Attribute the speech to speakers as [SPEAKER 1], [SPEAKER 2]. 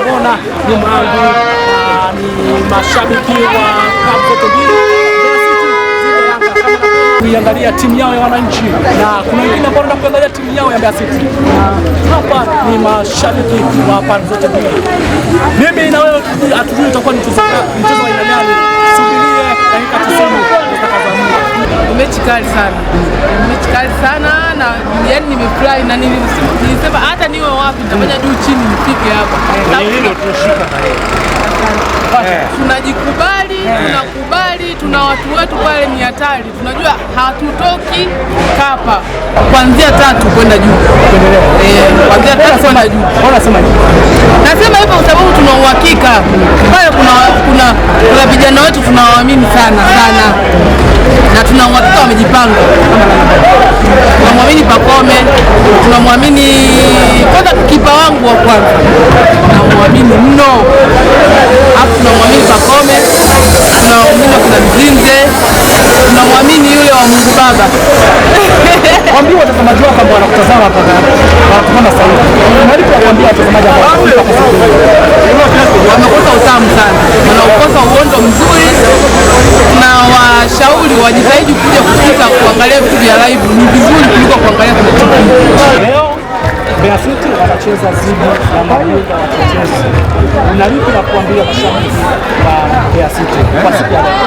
[SPEAKER 1] unavyoona ni mrangu ah, ni mashabiki wa kuiangalia timu yao ya wananchi na kuna wengine ambao wanaenda kuangalia timu yao ya Mbeya City. na ah, Hapa ni mashabiki wa pande zote mbili. Mimi na wewe hatujui utakuwa ni mchezo wa aina gani. Subirie dakika 90 zitakazamua.
[SPEAKER 2] Mechi kali sana, mechi kali sana na yani nimefurahi na nilisema hata wapi, nitafanya juu chini nifike hapa. Eh. Tunajikubali, eh. tunakubali, tuna watu wetu pale ni hatari, tunajua hatutoki Kapa
[SPEAKER 1] kuanzia tatu kwenda juu, eh, kuanzia tatu kwenda juu.
[SPEAKER 2] Nasema hivyo kwa sababu tuna uhakika pale kuna vijana wetu tunawaamini sana sana, na tuna uhakika wamejipanga. Tunamwamini Pakome, tunamwamini kwanza kipa wangu wa kwanza namwamini mno, afu tunamwamini na tunamwamini kuna Mzinze, tunamwamini yule wa Mungu Baba.
[SPEAKER 1] Waambie watazamaji wako ambao wanakutazama hapa wanakutazama sasa hivi, unalipo kuambia watazamaji wako
[SPEAKER 2] wamekosa utamu sana, wanaokosa uondo mzuri na washauri wajitahidi kuja kufika kuangalia vitu vya live, ni vizuri kuliko kuangalia kwenye TV.
[SPEAKER 1] Mbeya wanacheza zidi ya Maringa wa Tetesi. Una lipi la kuambia mashabiki wa Mbeya City kwa siku ya leo?